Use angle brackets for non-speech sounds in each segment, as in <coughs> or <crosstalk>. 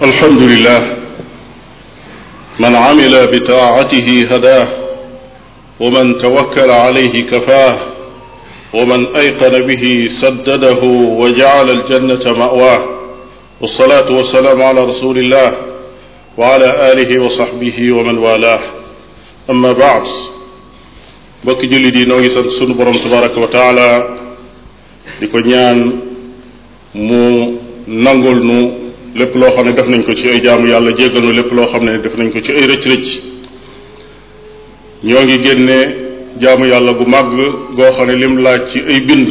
الحمد لله من عمل بطاعته هداه ومن توكل عليه كفاه ومن أيقن به سدده وجعل الجنة مأواه والصلاة والسلام على رسول الله وعلى آله وصحبه ومن والاه أما بعد mbokki julli di noo ngi sant sunu borom tabaraka wa taala di ko ñaan mu nangul nu lépp loo xam ne def nañ ko ci ay jaamu yàlla jéggal nu lépp loo xam ne def nañ ko ci ay rëcc-rëcc ñoo ngi génne jaamu yàlla gu màgg goo xam ne lim laaj ci ay bind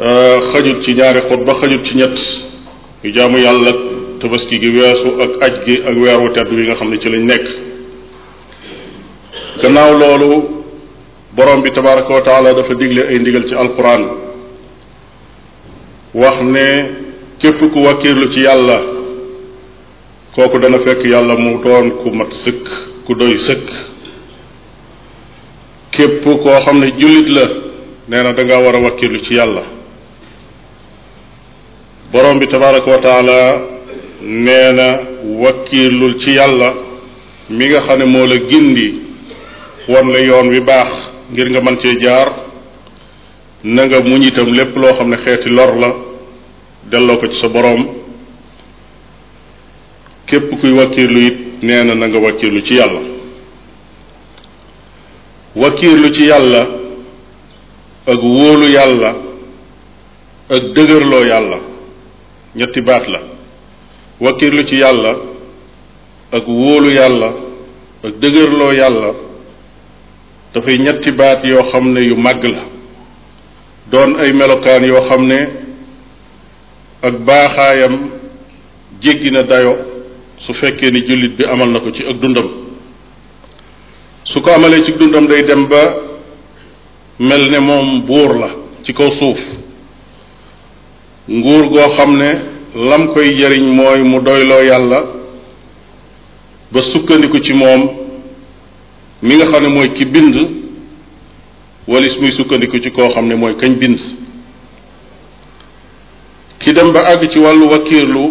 euh, xajut ci ñaari xutba xajut ci ñett yu jaamu yàlla tabaski gi weesu ak aj gi ak weer wu tedd wi nga xam ne ci lañ nekk gannaaw loolu borom bi tabaraka wa taala dafa digle ay ndigal ci alquran wax ne képp ku wakiirlu ci yàlla kooku dana fekk yàlla mu doon ku mat sëkk ku doy sëkk képp koo xam ne jullit la nee na danga war a wakiirlu ci yàlla borom bi tabaraka wa nee na wakiirlul ci yàlla mi nga xam ne moo la gindi won na yoon wi baax ngir nga mën cee jaar na nga muñ itam lépp loo xam ne xeeti lor la delloo ko ci sa boroom képp kuy wakkiirlu it nee na na nga wakkiirlu ci yàlla wakkiirlu ci yàlla ak wóolu yàlla ak dëgërloo yàlla ñetti baat la wakkiirlu ci yàlla ak wóolu yàlla ak dëgërloo yàlla dafay ñetti baat yoo xam ne yu màgg la doon ay melokaan yoo xam ne ak baaxaayam jéggi na dayo su fekkee ni jullit bi amal na ko ci ak dundam su ko amalee ci dundam day dem ba mel ne moom buur la ci kaw suuf nguur goo xam ne lam koy jariñ mooy mu doyloo yàlla ba sukkandiku ci moom mi nga xam ne mooy ki bind walis muy sukkandiku ci koo xam ne mooy kañ bind ki dem ba àgg ci wàllu wakiirlu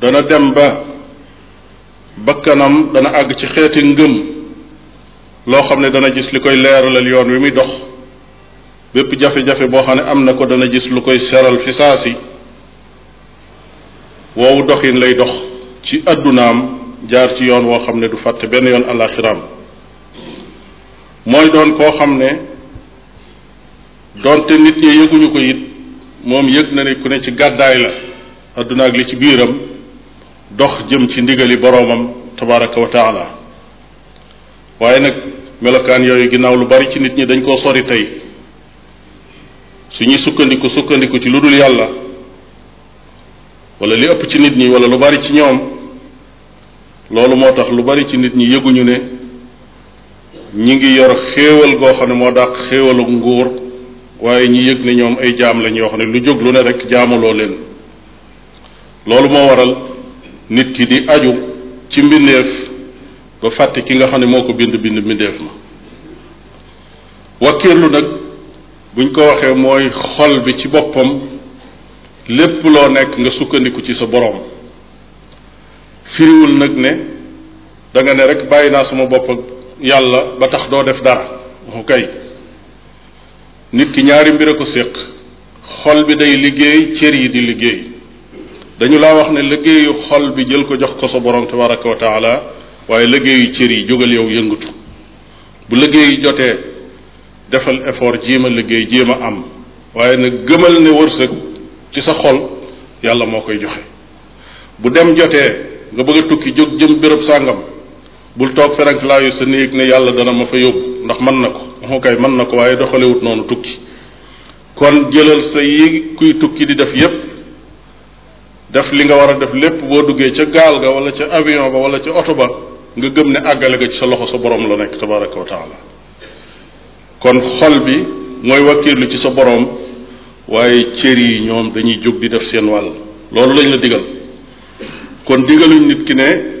dana dem ba bakkanam dana àgg ci xeeti ngëm loo xam ne dana gis li koy leeralal yoon wi muy dox bépp jafe-jafe boo xam ne am na ko dana gis lu koy seral fi saasi woowu doxin lay dox ci àddunaam jaar ci yoon woo xam ne du fàtte benn yoon alaxiraam mooy doon koo xam ne doonte nit ñi yëguñu ko it moom yëg na ne ku ne ci gàddaay la adduna ak li ci biiram dox jëm ci ndigali boroomam tabaraka wa taala waaye nag melokaan yooyu ginnaaw lu bari ci nit ñi dañ koo sori tey suñuy sukkandiku sukkandiku ci lu dul yàlla walla li ëpp ci nit ñi walla lu bari ci ñoom loolu moo tax lu bari ci nit ñi yëguñu ne ñu ngi yor xéewal goo xam ne moo dàq xéewalu nguur waaye ñi yëg ne ñoom ay jaam lañ yoo xam ne lu jóg lu ne rek jaamuloo leen loolu moo waral nit ki di aju ci mbindeef ba fàtte ki nga xam ne moo ko bind bind mbindeef ma wakkiirlu nag buñ ko waxee mooy xol bi ci boppam lépp loo nekk nga sukkandiku ci sa boroom firiwul nag ne danga ne rek bàyyi naa sama bopp ak yàlla ba tax doo def dara ok nit ki ñaari mbir a ko séq xol bi day liggéey cër yi di liggéey dañu laa wax ne liggéeyu xol bi jël ko jox ko sa borom tabaraka wa taala waaye liggéeyu cër yi jógal yow yëngatu bu liggéeyu jotee defal effort jéem a liggéey jéem a am waaye nag gëmal ne wërsëg ci sa xol yàlla moo koy joxe bu dem jotee nga bëgg a tukki jóg jëm béréb sàngam bul toog ferank laayu sa néeg ne yàlla dana ma fa yóbbu ndax mën na ko moo kay mën na ko waaye doxalewut noonu tukki kon jëlal sa yi kuy tukki di def yépp def li nga war a def lépp boo duggee ca gaal ga wala ca avion ba wala ca oto ba nga gëm ne àggale ga ci sa loxo sa borom la nekk tabaraka wa kon xol bi mooy wakkiirlu ci sa borom waaye cër yi ñoom dañuy jóg di def seen wàll loolu lañ la digal kon digaluñ nit ki ne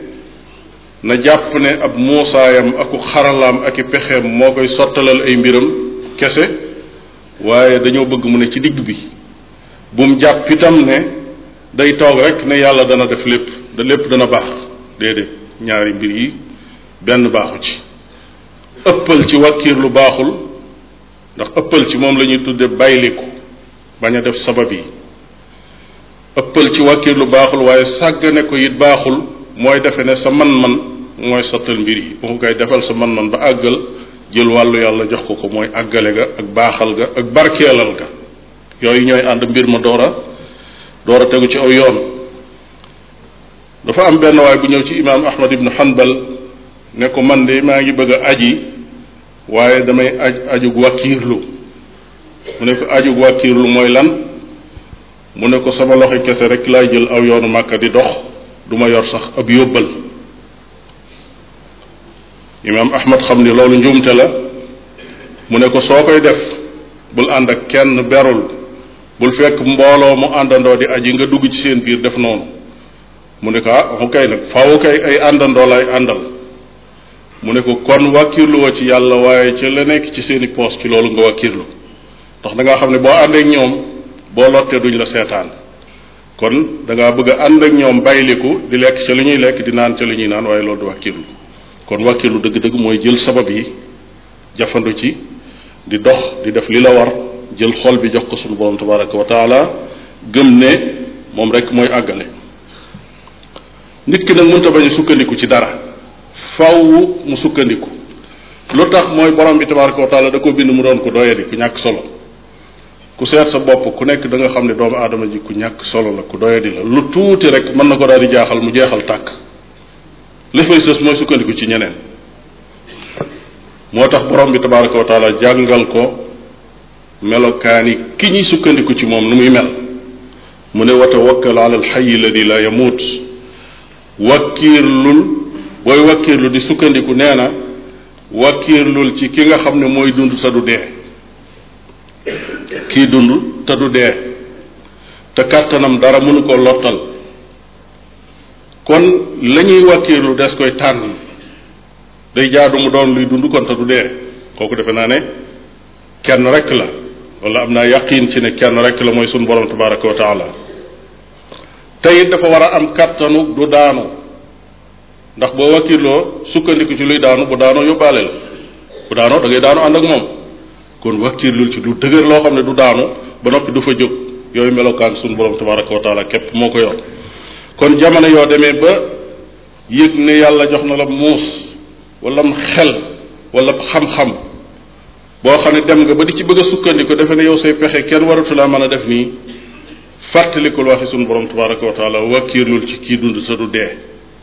na jàpp ne ab muusaayam aku xaralaam ak i pexeem moo koy sottalal ay mbiram kese waaye dañoo bëgg mu ne ci digg bi bum jàpp itam ne day toog rek ne yàlla dana def lépp da lépp dana baax déedéet ñaari mbir yi benn baaxu ci ëppal ci wakkiir lu baaxul ndax ëppal ci moom lañuy ñuy tudde ko bañ a def sabab yi ëppal ci wakkiir lu baaxul waaye sàggane ko it baaxul mooy defe ne sa man-man mooy sottal mbir yi bu koy defal sa man-man ba àggal jël wàllu yàlla jox ko ko mooy àggale ga ak baaxal ga ak barkeelal ga yooyu ñooy ànd mbir ma door a tegu ci aw yoon dafa am benn waay bu ñëw ci imaam ahmad ibnu hanbal ne ko man de maa ngi bëgg a aji waaye damay aj ajug wàkkiirlu mu ne ko ajug wàkkiirlu mooy lan mu ne ko sama loxo kese rek laay jël aw yoonu màkka di dox du ma yor sax ab yóbbal imaam ahmad xam ni loolu njuumte la mu ne ko soo koy def bul ànd ak kenn berul bul fekk mbooloo mu àndandoo di aji nga dugg ci seen biir def noonu mu ne ko ah mu kay nag faaw kay ay àndandoo lay àndal mu ne ko kon wàkkirluwa ci yàlla waaye ca la nekk ci seeni poos ci loolu nga wàkkirlu ndax danga xam ne boo àndeek ñoom boo lottee duñ la seetaan kon da ngaa bëgg ànd ak ñoom bàyyiliku di lekk ca li ñuy lekk di naan ca li ñuy naan waaye loolu du wàkkiirlu kon wàkkiirlu dëgg-dëgg mooy jël sabab yi jafandu ci di dox di def li la war jël xol bi jox ko suñu borom tabaraka wa taala gëm ne moom rek mooy àggale nit ki nag mënta bañ a sukkandiku ci dara faw mu sukkandiku lu tax mooy borom bi tabaraka wa taala da ko bind mu doon ko doyadi ku ñàkk solo ku seet sa bopp ku nekk da nga xam ne doomu aadama ji ku ñàkk solo la ku doyadi la lu tuuti rek mën na ko daal di jaaxal mu jeexal tàkk li fay sës mooy sukkandiku ci ñeneen moo tax borom bi tabaraka wa taala jàngal ko melokaani ki ñuy sukkandiku ci moom nu muy mel mu ne wa tawakkal ala alxayi alladi la yamut wakkiirlul booy wakkiirlu di sukkandiku nee na wakkiirlul ci ki nga xam ne mooy dund sa du dee kii dund te du dee te kàttanam dara mënu ko lottal kon la ñuy wàkkiilu des koy tànn day jaadu mu doon luy dund kon te du dee kooku defe naa ne kenn rek la wala am naa yaqiin ci ne kenn rek la mooy sunu borom tabaraka wa taala teyit dafa war a am kàttanu du daanu ndax boo wàkkiiloo sukkandiku ci luy daanu bu daanoo yóbbaale la bu daanoo da ngay daanu ànd ak moom kon wakkiirlul ci du dëgër loo xam ne du daanu ba noppi du fa jóg yooyu melokaan suñu borom tabaraka wa taala képp moo ko yor kon jamono yoo demee ba yëg ne yàlla jox na la muus wala xel wala xam boo xam ne dem nga ba di ci bëgg sukkandiku defe ne yow say kenn waratu mën a def nii fàttalikul waxi suñu borom tabaraka ci kii dund sa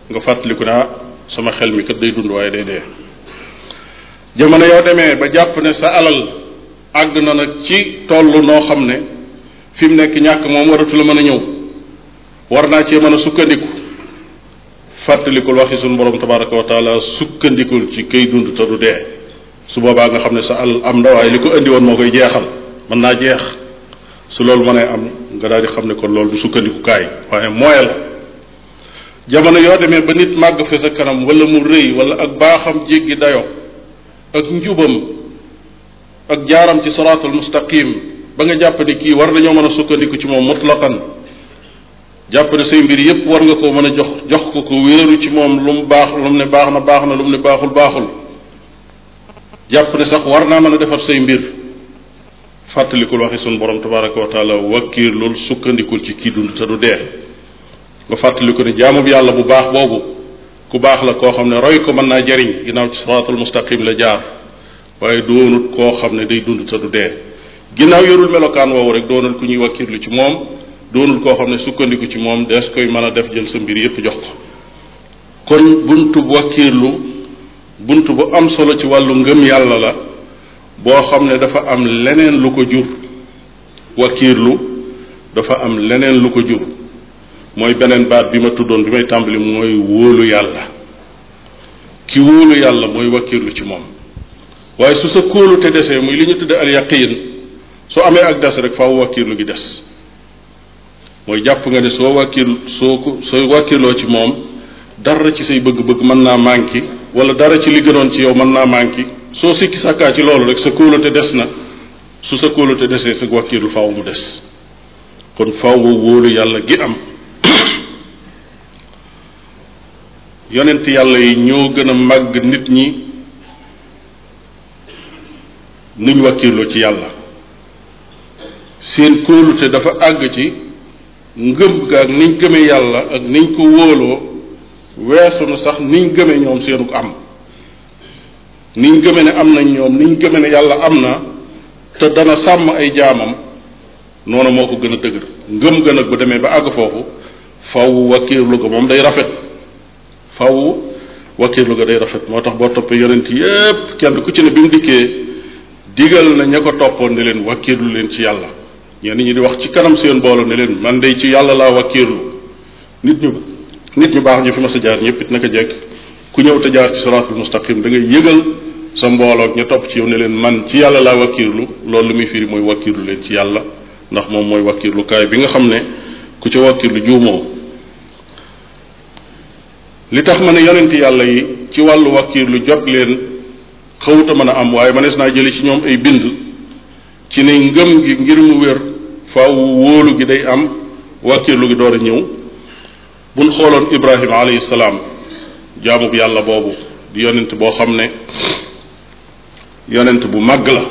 nga fàttaliku ne ah, sama xel mi day dund waaye day yoo demee ba jàpp ne sa alal àgg na nag ci tollu noo xam ne fi mu nekk ñàkk moom waratu la mën a ñëw war naa cee mën a sukkandiku fàttalikul waxi suñu borom tabaraka wa taala sukkandikul ci kay dund te du dee su boobaa nga xam ne sa àll am na li ko indi woon moo koy jeexal mën naa jeex su loolu ne am nga daal di xam ne ko loolu du sukkandiku waaye mooy la jamono yoo demee ba nit màgg fa sa kanam wala mu rëy wala ak baaxam jéggi dayo ak njubam ak jaaram ci siraatul mustaqim ba nga jàpp ne kii war nañoo mën a sukkandiku ci moom mutlaqan jàpp ne say mbir war nga koo mën a jox jox ko ko wéeru ci moom lu baax lu ne baax na baax na lu mu ne baaxul baaxul jàpp ne sax war naa mën a defar say mbir fàttalikul waxi sunu borom tabaraka wa taala wakkiirlul sukkandikul ci kii dund te du dee nga fàttaliku ne bi yàlla bu baax boobu ku baax la koo xam ne roy ko mën naa jariñ ginnaaw ci siraatul mustaqim la jaar waaye doonut koo xam ne day dund te du dee ginnaaw yorul melokaan woowu rek doonul ku ñuy wakkirlu ci moom doonul koo xam ne sukkandiku ci moom des koy mën a def jël sa mbir yépp jox ko kon buntu bu wakkirlu buntu bu am solo ci wàllu ngëm yàlla la boo xam ne dafa am leneen lu ko jur wakiirlu dafa am leneen lu ko jur mooy beneen baat bi ma tuddoon bi may tàmbali mooy wóolu yàlla ki wóolu yàlla mooy wakiirlu ci moom waaye su sa kóolute desee muy li ñu tudde al yaqin su amee ak des rek faaw wàkkiirlu gi des mooy jàpp nga ne soo wàkkiirlu soo ko sooy wàkkiirloo ci moom dara ci say bëgg-bëgg mën naa manqué wala dara ci li gënoon ci yow mën naa manqué soo sikki sàkkaa ci loolu rek sa kóolute des na su sa kóolute desee sa wàkkiirlu faw mu des kon faaw wóolu yàlla gi am <coughs> yonent yàlla yi ñoo gën a màgg nit ñi nuñ wakkiirlu ci yàlla seen kóolute dafa àgg ci ngëm ga ak niñ gëmee yàlla ak niñ ko wóoloo weesu na sax niñ gëmee ñoom seenu am niñ gëmee ne am nañ ñoom niñ gëmee ne yàlla am na te dana sàmm ay jaamam noonu moo ko gën a dëgër ngëm gën a bu demee ba àgg foofu faw wakkiirlu ko moom day rafet faw wakkiirlu ga day rafet moo tax boo toppee yonent yépp kenn ku ci ne bi mu dikkee digal na ña ko toppoon ne leen wakkiirlu leen ci yàlla ñenn ñi di wax ci kanam seen mbooloo ne leen man day ci yàlla laa wakkiirlu nit ñu nit ñu baax ñu fi mas a jaar ñëpp naka jekk ku ñëw te jaar ci siraatul mustaqim da ngay yëgal sa mbooloog ñu topp ci yoon ne leen man ci yàlla laa wakkiirlu loolu li muy firi mooy wakkiirlu leen ci yàlla ndax moom mooy wakkiirlu bi nga xam ne ku ca wakkiirlu juumoo li tax ma ne yonent yàlla yi ci wàllu wakkiirlu jot leen xawuta mën a am waaye manees naa jëli ci ñoom ay bind ci ne ngëm gi ngir mu wér faw wóolu gi day am wàkkiirlu gi door a ñëw buñ xooloon ibrahima alayhi salaam jaamub yàlla boobu di yonent boo xam ne yonent bu màgg la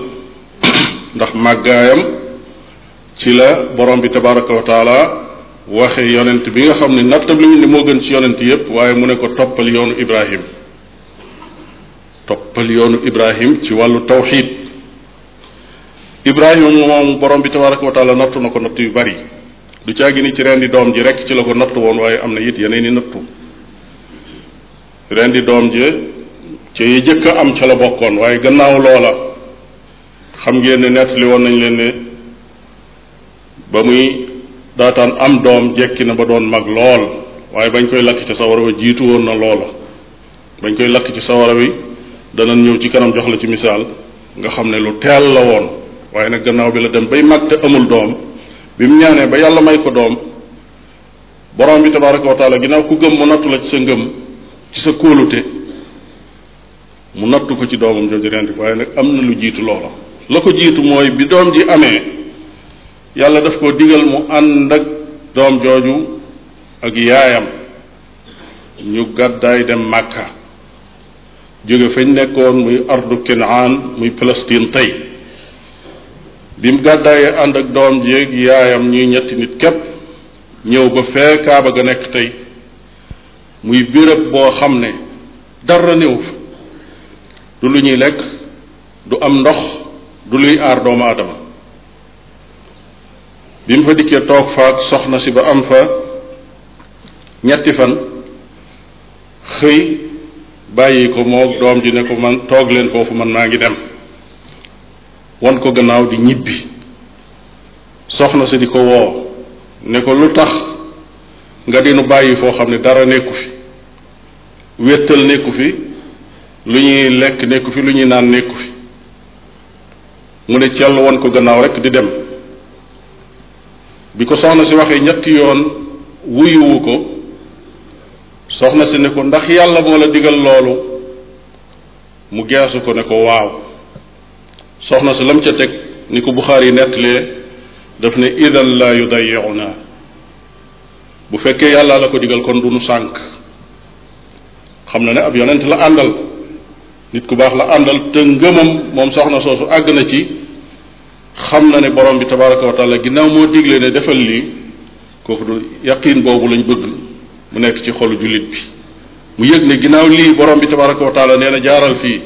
ndax màggaayam ci la borom bi tabaraka wa taala waxe yonent bi nga xam ne nattab li ñu ne moo gën ci yonent yépp waaye mu ne ko toppal yoonu ibrahim toppal yoonu Ibrahim ci wàllu tawxid Ibrahima moom borom bi tabaraka wa taala nattu na ko natt yu bari du caagi ni ci rendi doom ji rek ci la ko natt woon waaye am na it yeneen i nattu rendi doom ji ca yi jëkk a am ca la bokkoon waaye gannaaw loola xam ngeen ne nettali woon nañ leen ne ba muy daataan am doom jekki na ba doon mag lool waaye bañ koy lakk ci sawara wa jiitu woon na loola bañ koy lakk ci sawara wi dana ñëw ci kanam jox la ci misaal nga xam ne lu teel la woon waaye nag gannaaw bi la dem bay mag te amul doom bi mu ñaanee ba yàlla may ko doom borom bi tabaraka wa taala ginnaaw ku gëm mu nattu la ci sa ngëm ci sa kóolute mu nattu ko ci doomam jooju rendi waaye nag am na lu jiitu loola la ko jiitu mooy bi doom ji amee yàlla daf koo digal mu ànd ak doom jooju ak yaayam ñu gàddaay dem màkka jóge fañ nekkoon muy ardu kinaan muy Palestine tey bi mu gàddaayee ànd ak doom jéeg yaayam ñuy ñetti nit képp ñëw ba fee kaaba ga nekk tey muy béréb boo xam ne dara néew fa du lu ñuy lekk du am ndox du luy aar doomu aadama bi mu fa dikkee toog fa soxna si ba am fa ñetti fan xëy bàyyi ko moog doom ji ne ko man toog leen foofu man maa ngi dem wan ko gannaaw di ñibbi soxna si di ko woo ne ko lu tax nga dinu bàyyi foo xam ne dara nekku fi wéttal nekku fi lu ñuy lekk nekku fi lu ñuy naan nekku fi mu ne cell wan ko gannaaw rek di dem bi ko soxna si waxee ñetti yoon wuyuwu ko soxna si ne ko ndax yàlla moo la digal loolu mu geesu ko ne ko waaw soxna si lam ca teg ni ko buxaar yi nekk nettalee daf ne idan la yudayiuna bu fekkee yàlla la ko digal kon du nu sànk xam na ne ab yonent la àndal nit ku baax la àndal te ngëmam moom soxna soosu àgg na ci xam na ne borom bi tabaraka wa taala ginnaaw moo digle ne defal lii kooku du yaqin boobu lañ bëgg mu nekk ci xolu jullit bi mu yëg ne ginnaaw lii borom bi tabaraka wa taala nee na jaaral fii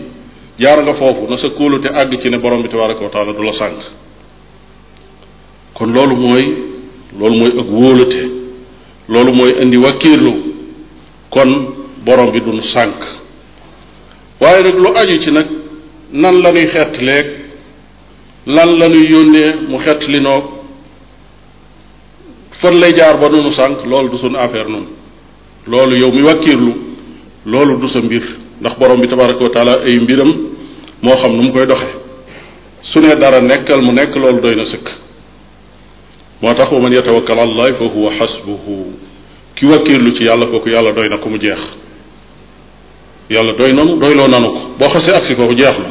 jaar nga foofu na sa kóolute àgg ci ne borom bi tabaraka wa taala du la sànq kon loolu mooy loolu mooy ak wóolute loolu mooy indi wakkiirlu kon borom bi duñu sànk waaye nag lu aju ci nag nan la ñuy xett leeg lan la ñuy yónnee mu xett li noog fan lay jaar ba nunu sànq loolu du suñu affaire noonu loolu yow mi wàkkiirlu loolu du sa mbir ndax borom bi tabaraka wa taala ay mbiram moo xam nu mu koy doxe su ne dara nekkal mu nekk loolu doy na sëkk moo tax wa man yatawakkal allahi fa huwa xasbuhu ki wàkkiirlu ci yàlla kooku yàlla doy na ko mu jeex yàlla doy doy doyloo nanu ko boo xasee agsi foofu jeex na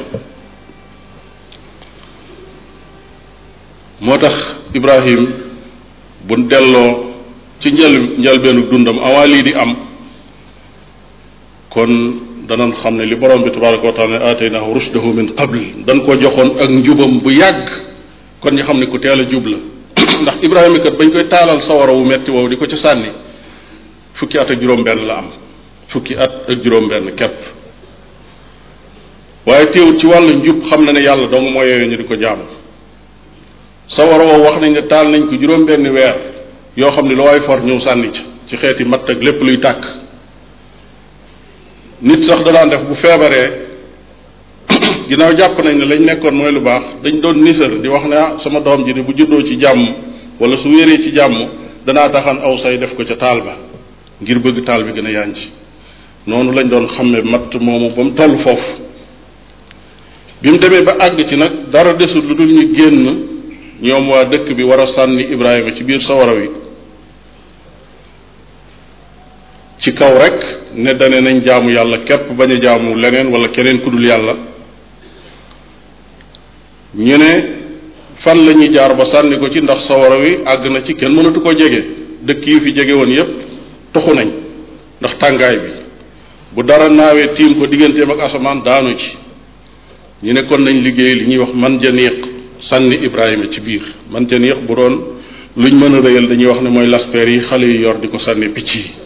moo tax Ibrahim bu delloo ci njël njëlbeenu dundam avant lii di am kon danañ xam ne li borom bi tabaraka wa taala ne aataynahu rushdahu min qabl dañ ko joxoon ak njubam bu yàgg kon ñu xam ne ku teel a jub la <clears throat> ndax Ibrahima kat bañ koy taalal sawara wu metti wow di ko ci sànni fukki at ak juróom-benn la am fukki at ak juróom-benn képp waaye teewut ci wàllu njub xam na ne yàlla dong moo yooyu ñu di ko jaamu sawara woo wax nañ ne taal nañ ko juróom-benn weer. yoo xam ne lu waay for ñëw sànni ci ci xeeti matt ak lépp luy tàkk nit sax da daan def bu feebaree <coughs> ginnaaw jàpp nañ ne lañ nekkoon mooy lu baax dañ doon nisar di wax ne ah sama doom ji de bu juddoo ci jàmm wala su wéree ci jàmm danaa taxan aw say def ko ca taal ba ngir bëgg taal bi gën a yànj noonu lañ doon xàmme matt moomu ba mu toll foofu bi mu demee ba àgg ci nag dara desul lu dul ñu génn ñoom waa dëkk bi war a sànni Ibrahima ci biir sawara wi ci kaw rek ne dane nañ jaamu yàlla kepp bañ a jaamu leneen wala keneen ku dul yàlla ñu ne fan lañuy ñuy jaar ba sànni ko ci ndax sawara wi àgg na ci kenn mënatu ko jege dëkk yu fi jege woon yépp toxu nañ ndax tàngaay bi bu dara naawee tiim ko digganteem ak asamaan daanu ci ñu ne kon nañ liggéey li ñuy wax man janiq sànni Ibrahima ci biir man janiq bu doon ñu mën a rëyal dañuy wax ne mooy laspeer yi xale yu yor di ko sànni picc yi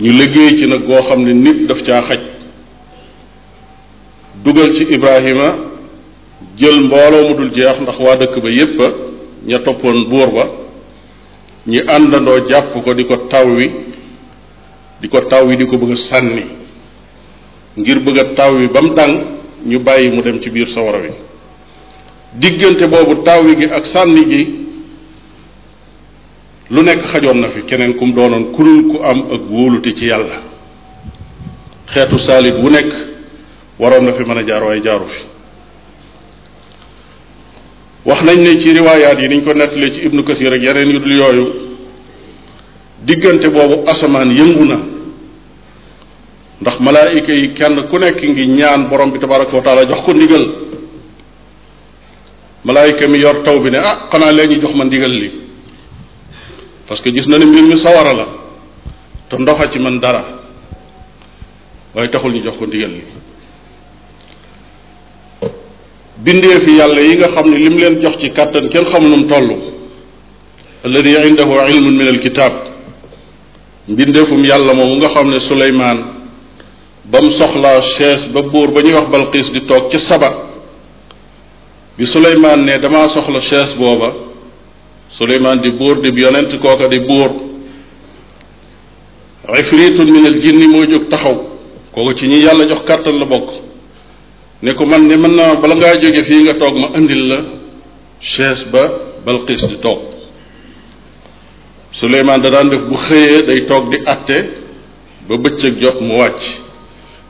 ñu liggéey ci nag boo xam ne nit daf caa xaj dugal ci Ibrahima jël mbooloo mu dul jeex ndax waa dëkk ba yépp ña toppoon buur ba ñi àndandoo jàpp ko di ko taw wi di ko taw wi di ko bëgg sànni ngir bëgg a taw wi ba mu dang ñu bàyyi mu dem ci biir sawara wi diggante boobu taw wi gi ak sànni gi lu nekk xajoon na fi keneen ku mu ku kurul ku am ak wóolute ci yàlla xeetu saalit wu nekk waroon na fi mën a jaar waaye jaaru fi wax nañ ne ci riwaayaat yi niñ ko nettalee ci ibnu kasir ak yeneen yu dul yooyu diggante boobu asamaan yëngu na ndax malaayika yi kenn ku nekk ngi ñaan borom bi tabaraka wa taala jox ko ndigal malaayika mi yor taw bi ne ah xanaa leen ñu jox ma ndigal li parce que gis na ne mbir mi sawara la te ndoxa ci man dara waaye taxul ñu jox ko ndigal li bindee fi yàlla yi nga xam ne lim leen jox ci kàttan kenn xamul nu mu toll alladi indahu ilmun min alkitab mbindeefum yàlla moomu nga xam ne Suleymaan ba mu soxlaa chaise ba buur ba ñuy wax Balqiis di toog ca Saba bi Suleymaan ne damaa soxla chaise booba suleymaan di buur di yonent kooka di buur ifritun min al jinni moo jóg taxaw kooku ci ñi yàlla jox kàttan la bokk ne ko man ne mën naa bala ngaa jóge fii nga toog ma indil la chaise ba balqis di toog suleymaan da daan def bu xëyee day toog di atte ba bëccëg jot mu wàcc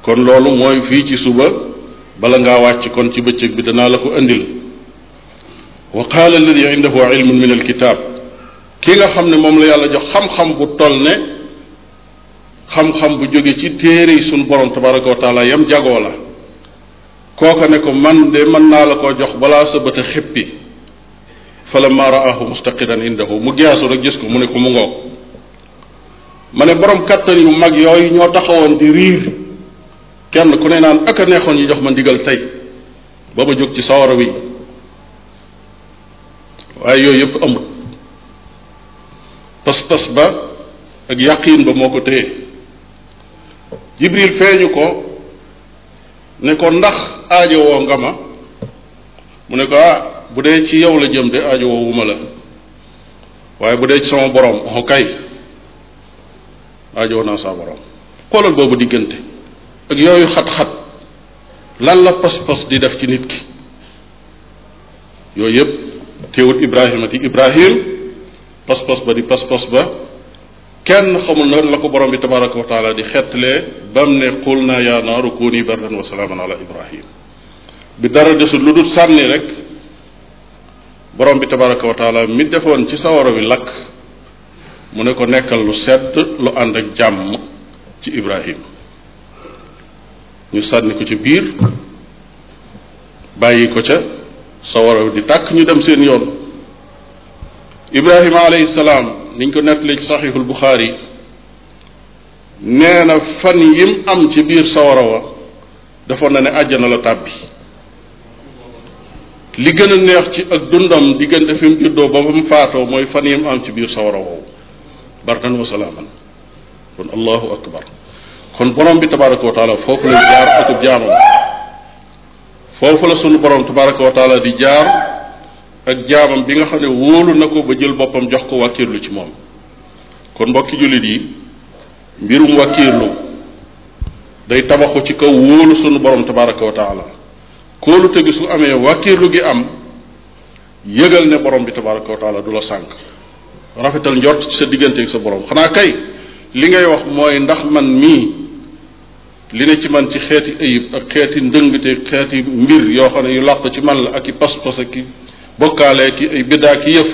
kon loolu mooy fii ci suba bala ngaa wàcc kon ci bëccëg bi danaa la ko indil wa qaala alladi indahu ilmun min alkitab kii nga xam ne moom la yàlla jox xam-xam bu toll ne xam-xam bu jóge ci téere yi sunu borom tabaraka wa taala yam jagoo la kooka ne ko man de mën naa la ko jox balaa sa bët a xippi falamma raahu mustaqiran indahu mu geesu rek gis ko mu ne ko mu ngoog ma ne borom kattan yu mag yooyu ñoo taxawoon di riir kenn ku ne naan ak a neexoon ñu jox ma ndigal tey ba ma jóg ci sawara wi waaye yooyu yëpp amul pas-pas ba ak yaqiin ba moo ko téye jibril feeñu ko ne ko ndax aajo nga ma mu ne ko ah bu dee ci yow la jëm de aajo la waaye bu dee ci sama borom on oh, kay aajo woo naa saa borom xoolal boobu diggante ak yowyu xat-xat lan la pas-pas di def ci nit ki yooyu yëpp teewut Ibrahima di Ibrahim pas-pas ba di pas-pas ba kenn xamul nan la ko borom bi tabaraka wa taala di xettalee bam ne qul naa yaa naaru kuuni bardan wa salaaman ala Ibrahim bi dara desul lu dul sànni rek borom bi tabaraka wa taala mi defoon ci sawara wi lakk mu ne ko nekkal lu sedd lu ànd ak jàmm ci Ibrahim ñu sànni ko ca biir bàyyi ko ca sawara di tàkk ñu dem seen yoon ibrahima alayhi salaam niñ ko nettali ci saxiixul buxaari nee na fan yim am ci biir sawara wa dafa na ne àjjana la tàbbi li gën a neex ci ak dundam diggante fi mu juddoo ba mu faatoo mooy fan yim am ci biir sawara woowu barkan wa salaaman kon allahu akbar kon borom bi tabaraka wa taala foofu lay jaar akub jaamam foofu la sunu borom tabaraka wa di jaar ak jaamam bi nga xam ne wóolu na ko ba jël boppam jox ko wàkkiirlu ci moom kon mbokki jullit yi mbirum wàkkiirlu day tabaxu ci kaw wóolu sunu borom tabaraka wa taala kóolu tëgg su amee wàkkiirlu gi am yëgal ne borom bi tabaraka wa du la sànk rafetal njort ci sa digganteeg sa borom xanaa kay li ngay wax mooy ndax man mii li ne ci man ci xeeti ayib ak xeeti ndëngte xeeti mbir yoo xam ne yu làq ci man la ak i pas-pas ak i bokkaalee ki ay biddaa ki yëf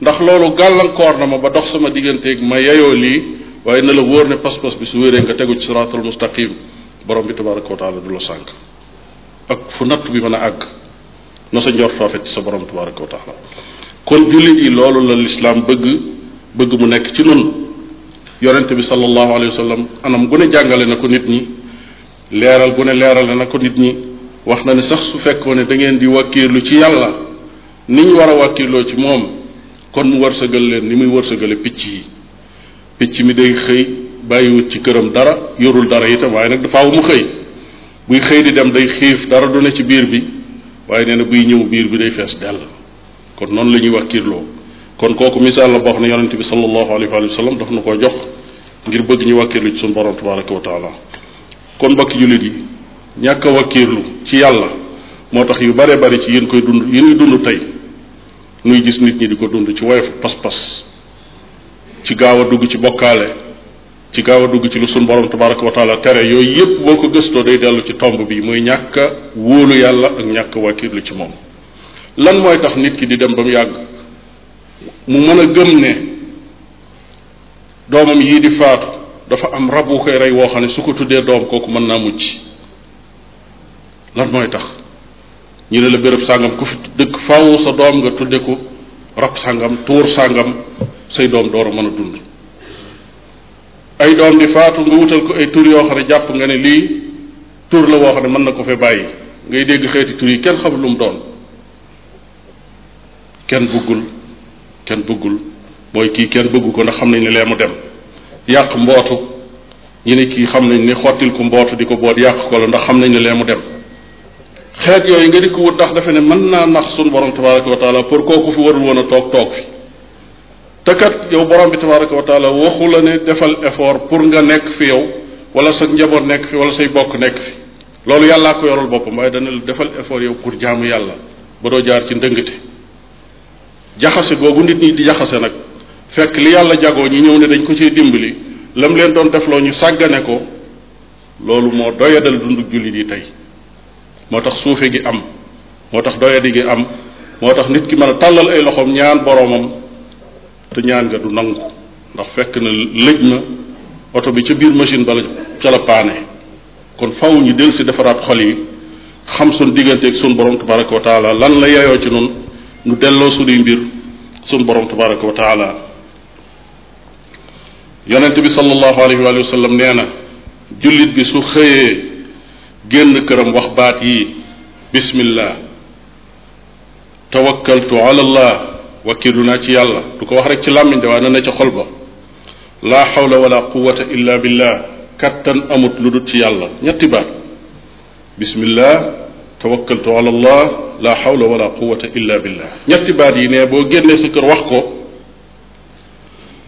ndax loolu gàllankoor na ma ba dox sama digganteeg ma yeyoo lii waaye na la wóor ne pas-pas bi su wéree nga tegu ci siraatul mustaqim borom bi tabaraka wa taala du la sànq ak fu natt bi mën a àgg na sa njor faafet ci sa borom tabaraka wa kon jullit yi loolu la lislaam bëgg bëgg mu nekk ci nun yonente bi sallallahu wa sallam anam gu ne jàngale na ko nit ñi leeral bu ne leeral na ko nit ñi wax na ne sax su fekkoo ne da ngeen di wàkkiirlu ci yàlla ni ñu war a wàkkiirloo ci moom kon mu war wërsëgal leen ni muy war wërsëgale picc yi picc mi day xëy bàyyiwut ci këram dara yorul dara itam waaye nag dafa aw mu xëy buy xëy di dem day xiif dara du ne ci biir bi waaye nee na buy ñëw biir bi day fees dell kon noonu la ñuy wàkkiirloo kon kooku misaal la boo xam ne yonente bi sallallahu alayhi wa sallam daf na koo jox ngir bëgg ñu wàkkiirlu ci suñu borom tabaraka wa taala kon mbokki jullit yi ñàkk a ci yàlla moo tax yu bare bari ci yéen koy dund yi ñuy dund tey nuy gis nit ñi di ko dund ci woyofu pas-pas ci gaaw a dugg ci bokkaale ci gaaw a dugg ci lu sun borom tabaraka wa tere yooyu yépp boo ko gëstoo day dellu ci tomb bi muy ñàkk a wóolu yàlla ak ñàkk a wakkiirlu ci moom lan mooy tax nit ki di dem ba mu yàgg mu mën a gëm ne doomam yii di faatu dafa am rab wu koy rey woo xam ne su ko tuddee doom kooku mën naa mucc lan mooy tax ñu ne la béréb sàngam ku fi dëkk faaw sa doom nga tudde ko rab sàngam tuur sàngam say doom door a mën a dund ay doom di faatu nga wutal ko ay tur yoo ne jàpp nga ne lii tur la woo xam ne mën na ko fee bàyyi ngay dégg xeeti tur yi kenn xamul lu mu doon kenn bëggul kenn bëggul mooy kii kenn bëggu ko ndax xam nañ ne lee mu dem yàq mbootu ñu ne kii xam nañ ne xottil ko mbootu di ko boot yàq ko la ndax xam nañ ne lee mu dem xeet yooyu nga di ko wut ndax defe ne mën naa nax sun borom tabaraka wa taala pour kooku fi warul woon a toog toog fi te kat yow borom bi tabaraka wa taala waxu la ne defal effort pour nga nekk fi yow wala sa njaboot nekk fi wala say bokk nekk fi loolu yàllaa ko yorul boppam waaye dana lu defal effort yow pour jaamu yàlla ba doo jaar ci ndëngte jaxase googu nit di jaxase nag fekk li yàlla jagoo ñi ñëw ne dañ ko ciy dimbali lam leen doon defloo ñu sàggane ko loolu moo doyadal dundug jullit yi tey moo tax suufe gi am moo tax doyadi gi am moo tax nit ki mën a tàllal ay loxoom ñaan boroomam te ñaan nga du nangu ndax fekk na lëj na oto bi ca biir machine bala ca la paane kon faw ñu del si defaraat xol yi xam suñ diggante ak suñ borom tabaraka wa taala lan la yeyoo ci noonu nu delloo suñuy mbir suñ borom tabaraka wa taala yonent bi sallallahu alayhi wa sallam nee na bi su xëyee génn këram wax baat yi bismillah tawakkaltu ala allah wakiilu naa ci yàlla du ko wax rek ci làmmiñ de waaye na ne ca xol ba laa xawla wala quwata illa billah kattan amut lu dut ci yàlla ñetti baat bismillah tawakkaltu ala allah laa xawla wala quwata illa billah ñetti baat yi ne boo génnee kër wax ko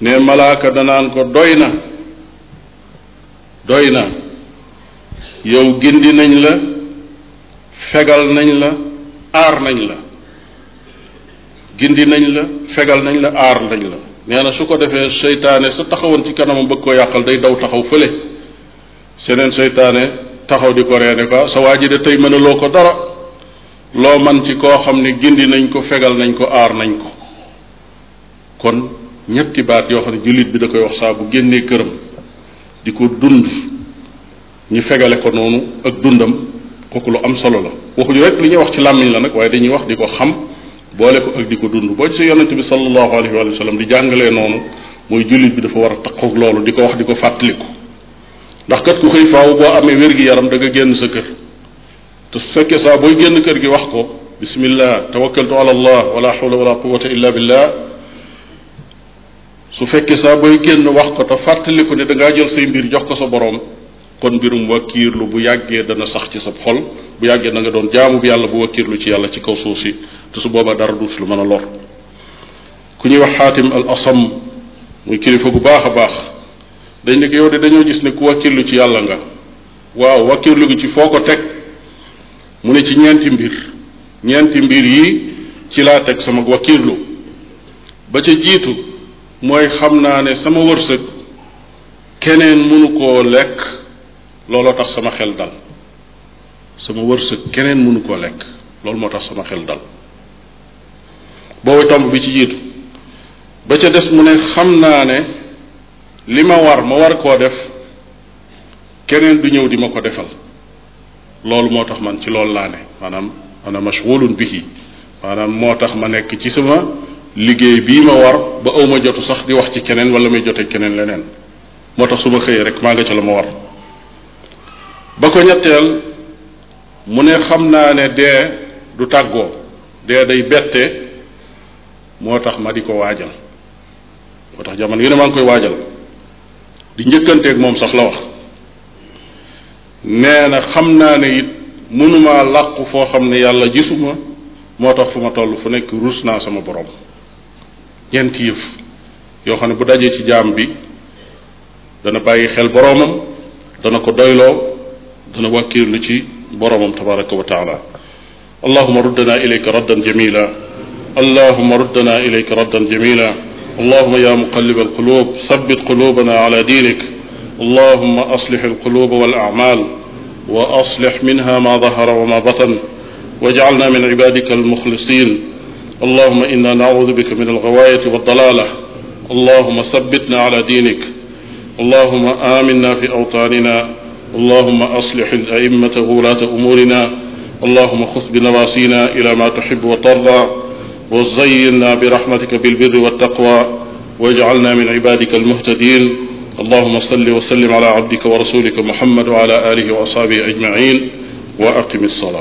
ne malaaka danaan ko doy na doy na yow gindi nañ la fegal nañ la aar nañ la gindi nañ la fegal nañ la aar nañ la nee na su ko defee seytaane sa taxawoon ci kanamam bëgg koo yàqal day dow taxaw fële seneen seytaane taxaw di ko reene ko sa waa ji de tey mënaloo ko dara loo man ci koo xam ne gindi nañ ko fegal nañ ko aar nañ ko kon ñetti baat yoo xam ne jullit bi da koy wax saa bu génnee këram di ko dund ñu fegale ko noonu ak dundam kooku lu am solo la waxuñu rek li ñuy wax ci làmmiñ la nag waaye dañuy wax di ko xam boole ko ak di ko dund boo ci sa yonente bi sallallahu alayhi wa sallam di jàngalee noonu mooy jullit bi dafa war a takkoog loolu di ko wax di ko fàttaliku ndax kat ku xëy faaw boo amee wér-gi-yaram da génn sa kër te su fekkee saa booy génn kër gi wax ko bismillah tawakkaltu ala allah wala xawla wala su fekkee sax booy génn wax ko te fàttaliku ne da ngaa jël say mbir jox ko sa boroom kon mbirum wakiirlu bu yàggee dana sax ci sa xol bu yàggee da nga doon jaamu bu yàlla bu wakiirlu ci yàlla ci kaw suuf si te su boobaa lu mën a lor ku ñuy wax xaatim al asam bu baax a baax dañ ne ko gis ne ku wakiirlu ci yàlla nga waaw wakiirlu gi ci foo ko teg mu ne ci ñeenti mbir ñeenti mbir yi ci laa teg sama wakiirlu ba ca jiitu mooy xam naa ne sama wërsëg keneen mënu koo lekk looloo tax sama xel dal sama wërsëg keneen mënu koo lekk loolu moo tax sama xel dal boo tomb bi ci jiitu ba ca des mu ne xam naa ne li ma war ma war koo def keneen du ñëw di ma ko defal loolu moo tax man ci loolu laa ne maanaam ana mashghulun bihi maanaam moo tax ma nekk ci sama liggéey bii ma war ba aw ma jotu sax di wax ci keneen wala may jote keneen leneen moo tax suma xëyee rek maa nga ca la ma war ba ko ñetteel mu ne xam naa ne dee du tàggoo dee day bette moo tax ma di ko waajal moo tax jamono yu ne maa ngi koy waajal di njëkkanteeg moom sax la wax nee na xam naa ne it mënuma làqu foo xam ne yàlla gisuma moo tax fu ma toll fu nekk ruus naa sama borom ñeenti yëf yoo xam ne bu dajee ci jaam bi dana bàyyi xel boroomam dana ko doyloo dana wàkkiirlu ci boroomam tabaraka wa taala allahuma ruddana ilayka raddan jamila allahuma ruddana ilayka raddan jamila allahuma ya muqallib alqulub sabbit qulubana ala dinik allahuma aslix alqulub wal amal wa aslix minha ma dahara wa ma batan wajcalna min cibadika almuxlisin allahuma inna naudu bika min algawaayati waddalaala allahuma sabbitna ala diinik allahuma aminna fi awtaanina allahuma aslix a'immata wulaata umuurina allahuma xus binawaasina ila ma tuxibu wa tarda wa zayyinna birahmatika bilbirri wattaqwa wajcalna min cibaadika almuhtadiin allahuma salli wa sallim ala abdika wa rasulika muhammad wa ala alihi wa ashaabihi ajmaciin wa aqimi salaat